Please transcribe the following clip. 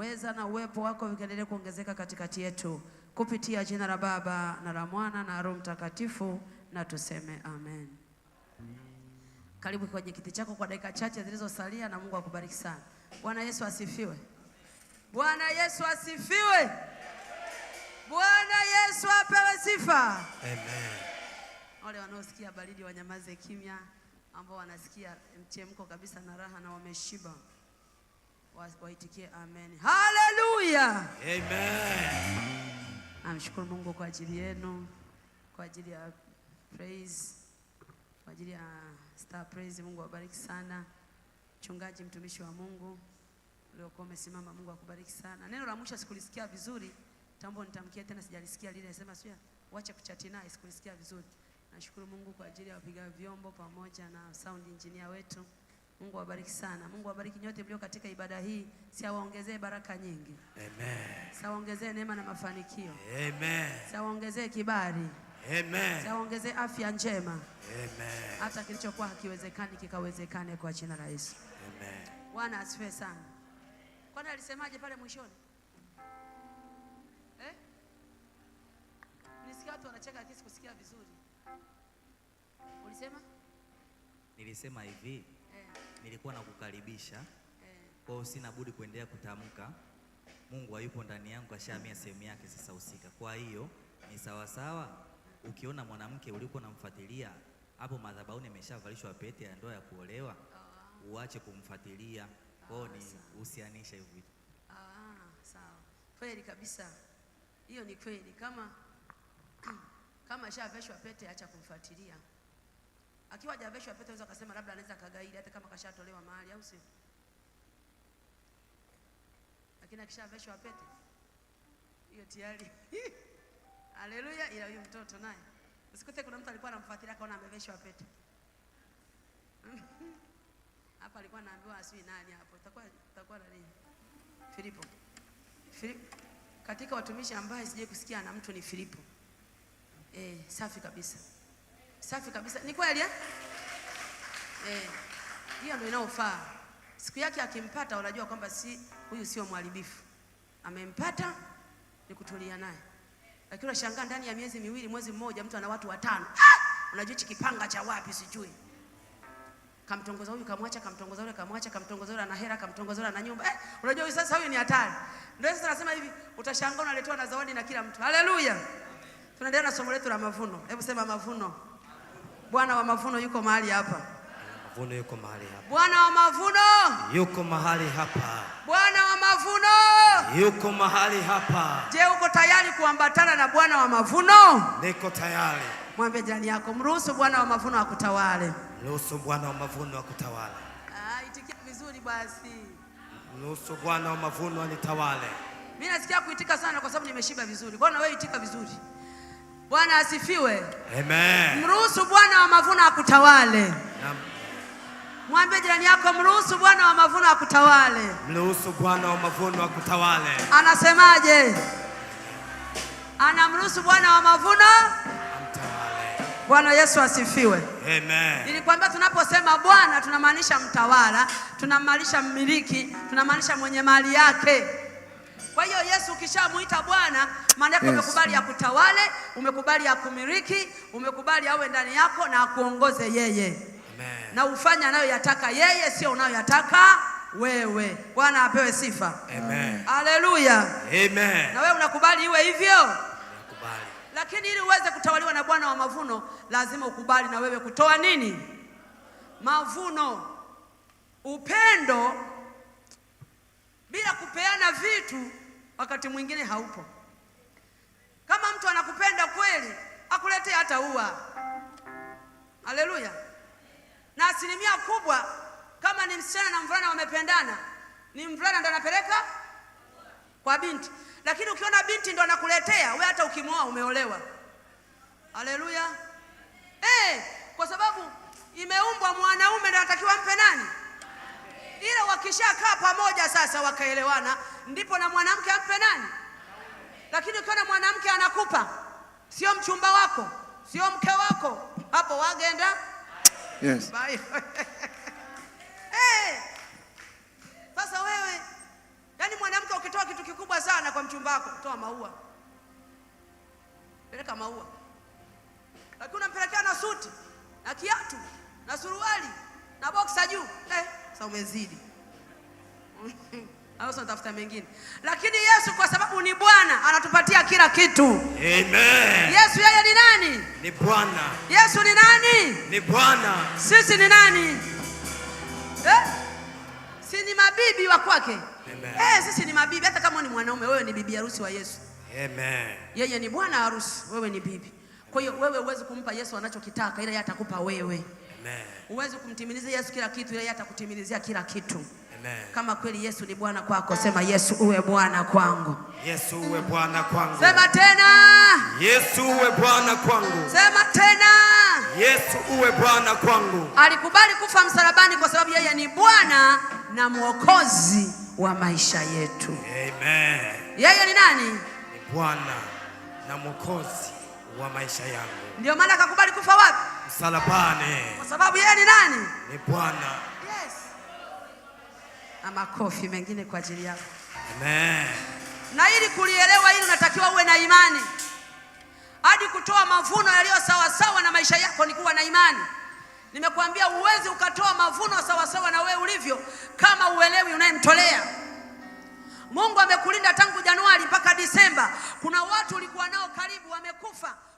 uweza na uwepo wako vikaendelee kuongezeka katikati yetu kupitia jina la Baba na la Mwana na Roho Mtakatifu, na tuseme amen. Karibu kwenye kiti chako kwa dakika chache zilizosalia, na Mungu akubariki sana. Bwana Yesu asifiwe! Bwana Yesu asifiwe! Bwana Yesu apewe sifa, amen. Wale wanaosikia baridi wanyamaze kimya, ambao wanasikia mchemko kabisa na raha na wameshiba waitikie amen. Haleluya, amen. Namshukuru Mungu kwa ajili yenu, kwa ajili ya praise, kwa ajili ya star praise. Mungu awabariki sana, mchungaji, mtumishi wa Mungu uliokuwa umesimama, Mungu akubariki sana. Neno la mwisho sikulisikia vizuri, tambo nitamkia tena, sijalisikia lile, nasema sio wacha kuchati naye, sikulisikia vizuri. Nashukuru Mungu kwa ajili ya wapiga vyombo pamoja na sound engineer wetu. Mungu awabariki sana. Mungu awabariki nyote mlio katika ibada hii, siawaongezee baraka nyingi. Amen. Siawaongezee neema na mafanikio. Amen. Siawaongezee kibali. Amen. Siawaongezee afya njema. Amen. Hata kilichokuwa hakiwezekani kikawezekane kwa jina la Yesu. Amen. Bwana asifiwe sana. Kwani alisemaje pale mwishoni? Eh? Nisikia watu wanacheka lakini sikusikia vizuri. Ulisema? Nilisema hivi. Eh nilikuwa nakukaribisha eh. kwa hiyo sina budi kuendelea kutamka Mungu hayupo ndani yangu, ashaamia sehemu yake sasa husika. Kwa hiyo ni sawasawa, ukiona mwanamke ulikuwa namfuatilia hapo madhabahuni ameshavalishwa pete ya ndoa ya kuolewa, ah. uache kumfuatilia. Kwa hiyo ni ah, usianisha hivyo vitu. Ah, sawa, kweli kabisa, hiyo ni kweli. Kama kama ashaveshwa pete, acha kumfuatilia akiwa hajaveshwa pete, anaweza kusema labda anaweza kagaidi hata kama kashatolewa mahali, au sio? Lakini akishaveshwa pete hiyo tayari haleluya. Ila huyu mtoto naye usikute, kuna mtu alikuwa anamfuatilia akaona ameveshwa pete hapa alikuwa anaambiwa asui nani hapo, itakuwa itakuwa nani? Filipo, Filipo katika watumishi ambaye sijai kusikia na mtu ni Filipo. Eh, safi kabisa. Safi kabisa, ni kweli eh? Eh, hiyo ndio inaofaa. Siku yake akimpata, unajua kwamba si huyu, sio mharibifu, amempata ni kutulia naye. Lakini unashangaa ndani ya miezi miwili, mwezi mmoja, mtu ana watu watano. Ah! unajua hichi kipanga cha wapi sijui kamtongoza huyu kamwacha, kamtongoza yule kamwacha, kamtongoza yule ana hela, kamtongoza yule ana nyumba. Eh, unajua huyu sasa, huyu ni hatari. Ndio sasa nasema hivi, utashangaa unaletewa na zawadi na kila mtu. Haleluya, tunaendelea na somo letu la mavuno. Hebu sema mavuno. Bwana wa mavuno yuko mahali hapa. Mavuno yuko mahali hapa. Bwana wa mavuno yuko mahali hapa. Bwana wa mavuno yuko mahali hapa. Je, uko tayari kuambatana na Bwana wa mavuno? Niko tayari. Mwambie jirani yako, mruhusu Bwana wa mavuno akutawale. Mruhusu Bwana wa mavuno akutawale. Ah, itikia vizuri basi. Mruhusu Bwana wa mavuno anitawale. Mimi nasikia kuitika sana kwa sababu nimeshiba vizuri. Bwana wewe itika vizuri. Bwana asifiwe. Amen. Mruhusu Bwana wa mavuno akutawale. Mwambie jirani yako, mruhusu Bwana wa mavuno akutawale. Mruhusu Bwana wa mavuno akutawale. Anasemaje? Anamruhusu Bwana wa mavuno amtawale. Bwana Yesu asifiwe. Amen. Nilikwambia tunaposema Bwana tunamaanisha mtawala, tunamaanisha mmiliki, tunamaanisha mwenye mali yake. Kwa hiyo Yesu ukishamwita Bwana, maana yake yes, umekubali akutawale, umekubali akumiliki, umekubali awe ndani yako na akuongoze yeye Amen. na ufanye anayoyataka yeye, sio unayoyataka wewe. Bwana apewe sifa Amen. Haleluya. Amen. na wewe unakubali iwe hivyo? Nakubali. Lakini ili uweze kutawaliwa na Bwana wa mavuno, lazima ukubali na wewe kutoa nini? Mavuno. Upendo bila kupeana vitu wakati mwingine haupo. Kama mtu anakupenda kweli, akuletee hata ua. Haleluya! Na asilimia kubwa, kama ni msichana na mvulana wamependana, ni mvulana ndo anapeleka kwa binti, lakini ukiona binti ndo anakuletea we, hata ukimwoa umeolewa. Haleluya! Hey, eh, kwa sababu imeumbwa mwanaume ndo anatakiwa mpe nani ila wakishakaa pamoja sasa wakaelewana, ndipo na mwanamke ampe nani. Lakini ukiona mwanamke anakupa, sio mchumba wako, sio mke wako, hapo wagenda yes. hey. Sasa wewe yani mwanamke ukitoa kitu kikubwa sana kwa mchumba wako, toa maua, peleka maua, lakini unampelekea na suti na kiatu na suruali na boksa juu eh sasa umezidi au tafuta mengine, lakini Yesu kwa sababu ni Bwana anatupatia kila kitu. Amen. Yesu yeye ni nani? Ni Bwana. Yesu ni nani? Ni Bwana. Sisi ni nani eh? Si ni mabibi wa kwake eh, sisi ni mabibi. Hata kama ni mwanaume, wewe ni bibi harusi wa Yesu. Amen. Yeye ni bwana harusi, wewe ni bibi. Kwa hiyo wewe huwezi kumpa Yesu anachokitaka, ila yeye atakupa wewe uweze kumtimilizia Yesu kila kitu, yeye atakutimilizia kila kitu. Amen. Kama kweli Yesu ni Bwana kwako, sema Yesu uwe Bwana kwangu. Yesu uwe Bwana kwangu. Sema tena. Yesu uwe Bwana kwangu. Sema tena. Yesu uwe Bwana kwangu. Alikubali kufa msalabani kwa sababu yeye ni Bwana na Mwokozi wa maisha yetu. Amen. Yeye ni nani? Ni Bwana na Mwokozi wa maisha yangu. Ndio maana akakubali kufa wapi? Msalabani. Kwa sababu yeye ni nani? Ni Bwana. Yes. Na makofi mengine kwa ajili yako. Amen. Na ili kulielewa hili unatakiwa uwe na imani hadi kutoa mavuno yaliyo sawasawa na maisha yako ni kuwa na imani. Nimekuambia huwezi ukatoa mavuno sawasawa na wewe ulivyo kama uelewi unayemtolea Mungu amekulinda tangu Januari mpaka Disemba. Kuna watu ulikuwa nao karibu wamekufa.